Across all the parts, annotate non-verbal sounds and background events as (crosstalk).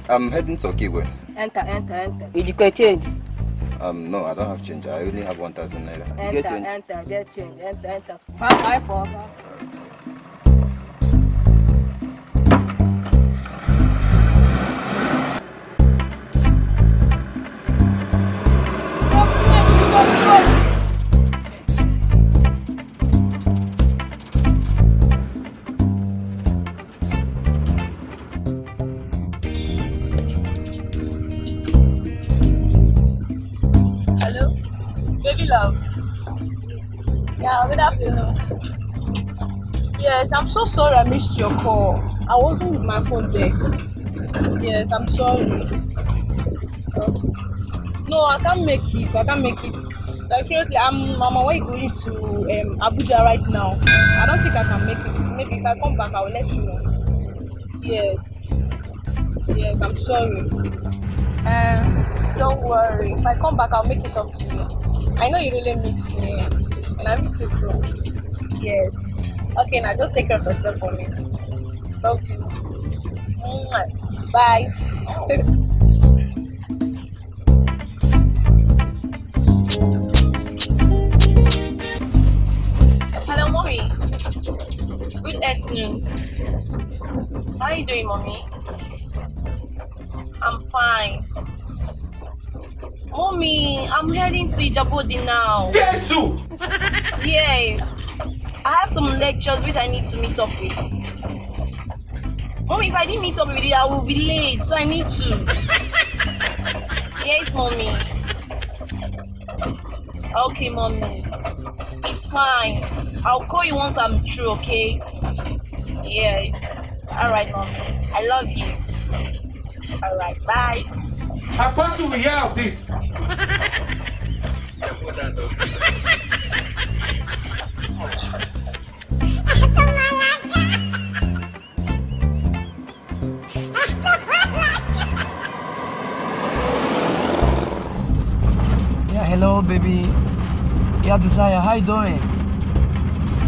Yes, I'm heading to Okigwe. Enter, enter, enter. Did you change? Um, no, I don't have change. I only have 1,000 naira. Enter, enter, get change. Enter, enter. Five, five, four, five. Puppy love. Yeah, good afternoon. Yes, I'm so sorry I missed your call. I wasn't with my phone there. Yes, I'm sorry. No, I can't make it. I can't make it. Like seriously, I'm I'm away going to um, Abuja right now. I don't think I can make it. Maybe if I come back, I will let you know. Yes. Yes, I'm sorry. Um, don't worry. If I come back, I'll make it up to you. I know you really missed me, and I miss you too. Yes. Okay, now just take care of yourself for me. Love you. (laughs) Hello, mommy. Good afternoon. How are you doing, mommy? I'm fine. Mommy, I'm heading to Ijabodi now. Jesu! yes. I have some lectures which I need to meet up with. Mommy, if I didn't meet up with you, I will be late, so I need to. yes, Mommy. Okay, Mommy. It's fine. I'll call you once I'm through, okay? Yes. Alright, Mommy. I love you. Alright, bye. How far do we hear of this? yeah, hello, baby. Yeah, Desire, how you doing?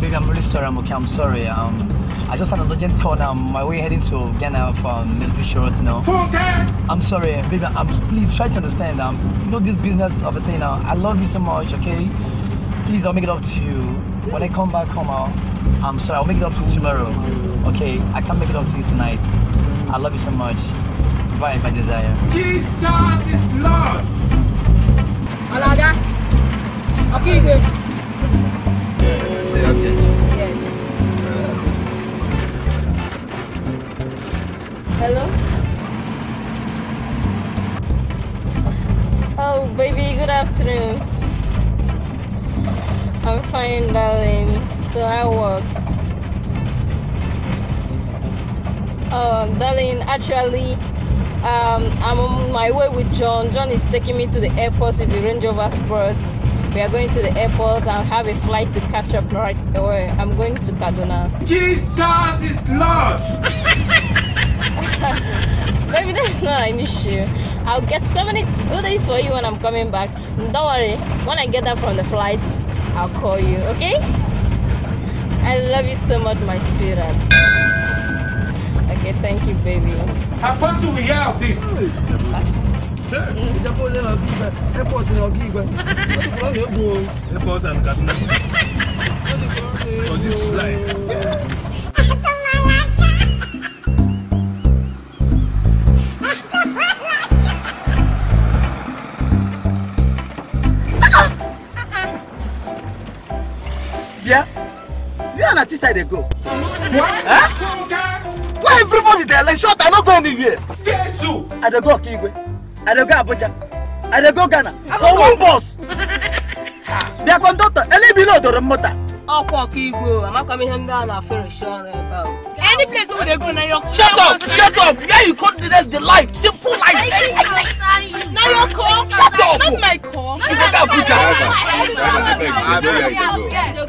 Baby, I'm really sorry, I'm okay, I'm sorry. Um, I just had an urgent call now. My way heading to Ghana from Military Short, you know. I'm sorry, baby. I'm please try to understand. Um, you know this business of a thing now. Uh, I love you so much, okay? Please, I'll make it up to you when I come back home. i I'm sorry, I'll make it up to you tomorrow. Okay, I can't make it up to you tonight. I love you so much. Bye, my desire. Jesus is Lord. Alaga. Okay, good. Say, I'm Hello? Oh, baby, good afternoon. I'm fine, darling. So I work. Oh, darling, actually, um, I'm on my way with John. John is taking me to the airport with the Range Rover Sports. We are going to the airport. and have a flight to catch up right away. I'm going to Kaduna. Jesus is Lord! (laughs) (laughs) Maybe that's not an issue. I'll get so many goodies for you when I'm coming back. Don't worry, when I get that from the flight, I'll call you, okay? I love you so much, my sweetheart. Okay, thank you, baby. How far do we have this? Airport and Ghana. (laughs) For this flight. this side dey go. What? Huh? Why everybody dey like short? I not go anywhere. Jesus, I don't go Okigwe. I don't go Abuja. I don't go Ghana. For one boss. bus. Their conductor, below the Odoro Mota. Ọkwa Okigwe, I'm not coming here na I feel ebe about any place wey dey go na your. shut up shut up where you come dey the life simple life. na your call shut up not my call. you dey go abuja.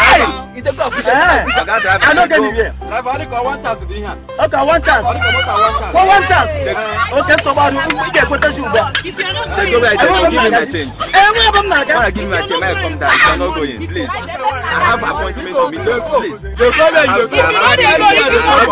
hi you dey go eh? abuja. i no get the way. driver only got one chance to be here. okay one chance. for one chance. okay sọgbọn ọdún ike kote su ugbu a. dey go where i tell you eh, give me my change. ẹ n wẹ́n bọ́ mi na ká. wọ́n na give me my change make i come down i shall not go in please. i have appointment to meet you please. dey go where you go.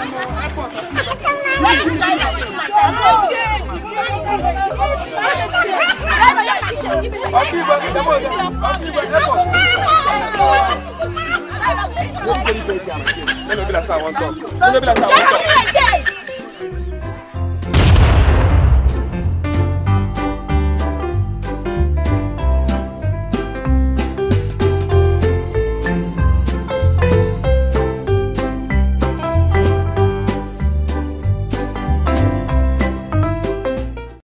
Let me be like I want to. Let me be like I want to.